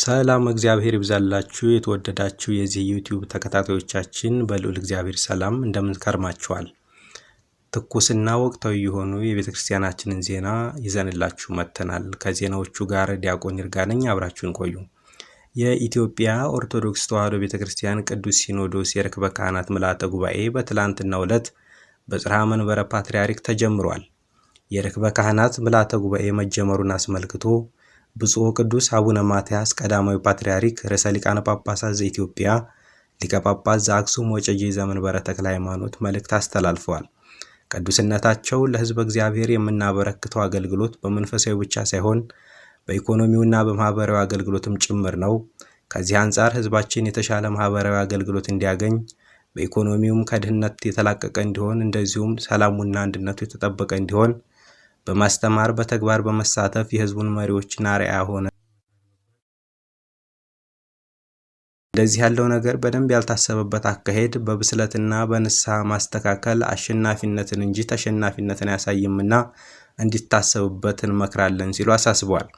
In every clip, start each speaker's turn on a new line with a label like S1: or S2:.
S1: ሰላም እግዚአብሔር ይብዛላችሁ የተወደዳችሁ የዚህ ዩቲዩብ ተከታታዮቻችን በልዑል እግዚአብሔር ሰላም እንደምንከርማችኋል። ትኩስና ወቅታዊ የሆኑ የቤተ ክርስቲያናችንን ዜና ይዘንላችሁ መጥተናል። ከዜናዎቹ ጋር ዲያቆን ይርጋነኝ አብራችሁን ቆዩ። የኢትዮጵያ ኦርቶዶክስ ተዋሕዶ ቤተ ክርስቲያን ቅዱስ ሲኖዶስ የርክበ ካህናት ምልዓተ ጉባኤ በትላንትናው ዕለት በጽርሐ መንበረ ፓትርያርክ ተጀምሯል። የርክበ ካህናት ምልዓተ ጉባኤ መጀመሩን አስመልክቶ ብፁዕ ወቅዱስ አቡነ ማትያስ ቀዳማዊ ፓትርያርክ ርዕሰ ሊቃነ ጳጳሳት ዘኢትዮጵያ ሊቀ ጳጳስ ዘአክሱም ወዕጨጌ ዘመንበረ ተክለ ሃይማኖት መልእክት አስተላልፈዋል። ቅዱስነታቸው ለሕዝበ እግዚአብሔር የምናበረክተው አገልግሎት በመንፈሳዊ ብቻ ሳይሆን በኢኮኖሚውና በማህበራዊ አገልግሎትም ጭምር ነው። ከዚህ አንጻር ሕዝባችን የተሻለ ማህበራዊ አገልግሎት እንዲያገኝ፣ በኢኮኖሚውም ከድህነት የተላቀቀ እንዲሆን፣ እንደዚሁም ሰላሙና አንድነቱ የተጠበቀ እንዲሆን በማስተማር በተግባር በመሳተፍ የህዝቡን መሪዎችና አርአያ ሆነ።
S2: እንደዚህ ያለው ነገር በደንብ ያልታሰበበት አካሄድ በብስለትና በንስሐ ማስተካከል አሸናፊነትን እንጂ ተሸናፊነትን አያሳይምና እንዲታሰብበት እንመክራለን ሲሉ አሳስበዋል።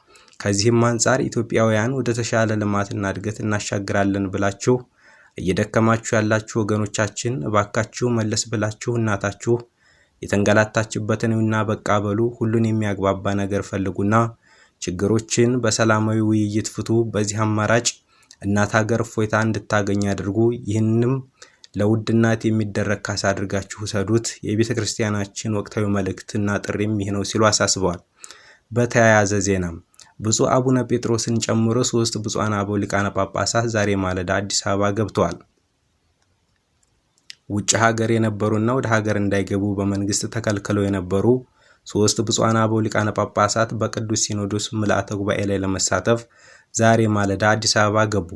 S2: ከዚህም አንጻር ኢትዮጵያውያን ወደ ተሻለ ልማትና እድገት እናሻግራለን ብላችሁ እየደከማችሁ ያላችሁ ወገኖቻችን እባካችሁ መለስ ብላችሁ እናታችሁ የተንገላታችበትን እና በቃ በሉ ሁሉን የሚያግባባ ነገር ፈልጉና ችግሮችን በሰላማዊ ውይይት ፍቱ። በዚህ አማራጭ እናት ሀገር እፎይታ እንድታገኝ አድርጉ። ይህንም ለውድ እናት የሚደረግ ካሳ አድርጋችሁ ውሰዱት። የቤተ ክርስቲያናችን ወቅታዊ መልእክትና ጥሪም ይህ ነው ሲሉ አሳስበዋል። በተያያዘ ዜና ብፁዕ አቡነ ጴጥሮስን ጨምሮ ሶስት ብፁዓን አበው ሊቃነ ጳጳሳት ዛሬ ማለዳ አዲስ አበባ ገብተዋል። ውጭ ሀገር የነበሩና ወደ ሀገር እንዳይገቡ በመንግስት ተከልክለው የነበሩ ሶስት ብፁዓን አበው ሊቃነ ጳጳሳት በቅዱስ ሲኖዶስ ምልአተ ጉባኤ ላይ ለመሳተፍ ዛሬ ማለዳ አዲስ አበባ ገቡ።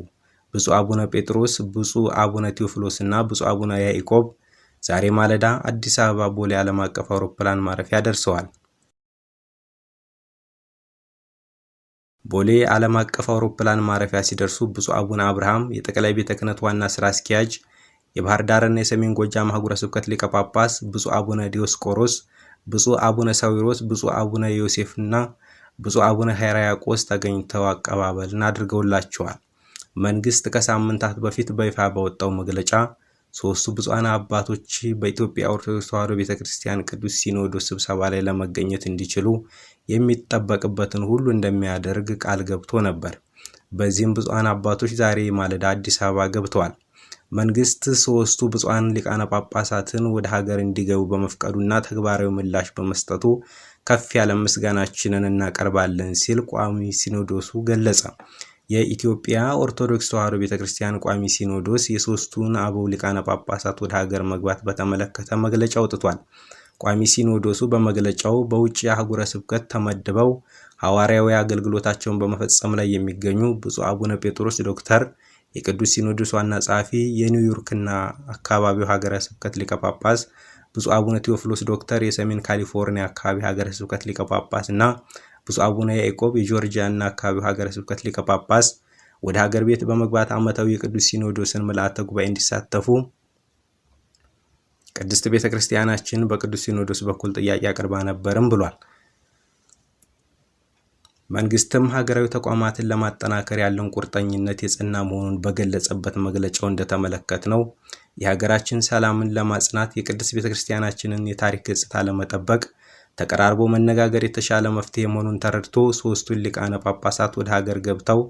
S2: ብፁዕ አቡነ ጴጥሮስ፣ ብፁዕ አቡነ ቴዎፍሎስ እና ብፁዕ አቡነ ያዕቆብ ዛሬ ማለዳ አዲስ አበባ ቦሌ ዓለም አቀፍ አውሮፕላን ማረፊያ ደርሰዋል። ቦሌ ዓለም አቀፍ አውሮፕላን ማረፊያ ሲደርሱ ብፁዕ አቡነ አብርሃም የጠቅላይ ቤተ ክህነት ዋና ስራ አስኪያጅ የባህር ዳርና የሰሜን ጎጃም አህጉረ ስብከት ሊቀ ጳጳስ ብፁዕ አቡነ ዲዮስቆሮስ፣ ብፁዕ አቡነ ሳዊሮስ፣ ብፁዕ አቡነ ዮሴፍና ብፁዕ አቡነ ያቆስ ተገኝተው አቀባበልን አድርገውላቸዋል። መንግስት ከሳምንታት በፊት በይፋ ባወጣው መግለጫ ሶስቱ ብፁዓን አባቶች በኢትዮጵያ ኦርቶዶክስ ተዋሕዶ ቤተ ክርስቲያን ቅዱስ ሲኖዶስ ስብሰባ ላይ ለመገኘት እንዲችሉ የሚጠበቅበትን ሁሉ እንደሚያደርግ ቃል ገብቶ ነበር። በዚህም ብፁዓን አባቶች ዛሬ ማለዳ አዲስ አበባ ገብተዋል። መንግስት ሶስቱ ብፁዓን ሊቃነ ጳጳሳትን ወደ ሀገር እንዲገቡ በመፍቀዱና ተግባራዊ ምላሽ በመስጠቱ ከፍ ያለ ምስጋናችንን እናቀርባለን ሲል ቋሚ ሲኖዶሱ ገለጸ። የኢትዮጵያ ኦርቶዶክስ ተዋሕዶ ቤተ ክርስቲያን ቋሚ ሲኖዶስ የሶስቱን አበው ሊቃነ ጳጳሳት ወደ ሀገር መግባት በተመለከተ መግለጫ አውጥቷል። ቋሚ ሲኖዶሱ በመግለጫው በውጭ አህጉረ ስብከት ተመድበው ሐዋርያዊ አገልግሎታቸውን በመፈጸም ላይ የሚገኙ ብፁዕ አቡነ ጴጥሮስ ዶክተር የቅዱስ ሲኖዶስ ዋና ጸሐፊ የኒውዮርክና አካባቢው ሀገረ ስብከት ሊቀ ጳጳስ ብፁዕ አቡነ ቴዎፍሎስ ዶክተር የሰሜን ካሊፎርኒያ አካባቢ ሀገረ ስብከት ሊቀ ጳጳስ እና ብፁዕ አቡነ ያዕቆብ የጆርጂያና አካባቢው ሀገረ ስብከት ሊቀ ጳጳስ ወደ ሀገር ቤት በመግባት ዓመታዊ የቅዱስ ሲኖዶስን ምልአተ ጉባኤ እንዲሳተፉ ቅድስት ቤተ ክርስቲያናችን በቅዱስ ሲኖዶስ በኩል ጥያቄ አቅርባ ነበርም ብሏል። መንግስትም ሀገራዊ ተቋማትን ለማጠናከር ያለውን ቁርጠኝነት የጽና መሆኑን በገለጸበት መግለጫው እንደተመለከት ነው የሀገራችን ሰላምን ለማጽናት የቅድስት ቤተክርስቲያናችንን የታሪክ ገጽታ ለመጠበቅ ተቀራርቦ መነጋገር የተሻለ መፍትሄ መሆኑን ተረድቶ ሶስቱን ሊቃነ ጳጳሳት ወደ ሀገር ገብተው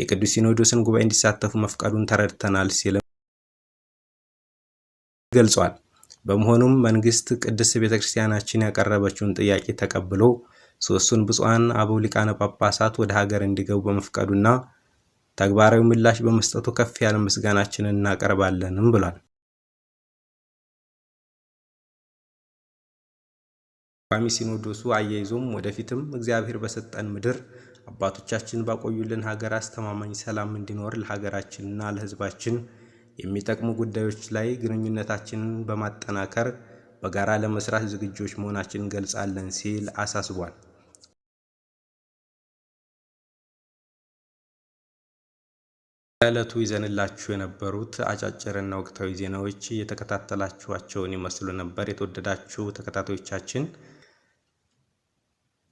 S2: የቅዱስ ሲኖዶስን ጉባኤ እንዲሳተፉ መፍቀዱን ተረድተናል ሲልም ገልጿል። በመሆኑም መንግስት ቅድስት ቤተክርስቲያናችን ያቀረበችውን ጥያቄ ተቀብሎ ሦስቱን ብፁዓን አበው ሊቃነ ጳጳሳት ወደ ሀገር እንዲገቡ በመፍቀዱና ተግባራዊ ምላሽ በመስጠቱ ከፍ ያለ ምስጋናችንን እናቀርባለንም ብሏል። ቋሚ ሲኖዶሱ አያይዞም ወደፊትም እግዚአብሔር በሰጠን ምድር አባቶቻችን ባቆዩልን ሀገር አስተማማኝ ሰላም እንዲኖር ለሀገራችንና ለሕዝባችን የሚጠቅሙ ጉዳዮች ላይ ግንኙነታችንን በማጠናከር በጋራ ለመስራት ዝግጆች መሆናችን ገልጻለን ሲል አሳስቧል።
S3: በእለቱ ይዘንላችሁ የነበሩት አጫጭርና ወቅታዊ ዜናዎች የተከታተላችኋቸውን ይመስሉ ነበር። የተወደዳችሁ ተከታታዮቻችን፣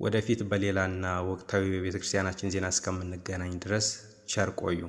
S3: ወደፊት በሌላና ወቅታዊ የቤተክርስቲያናችን ዜና እስከምንገናኝ ድረስ ቸር ቆዩ።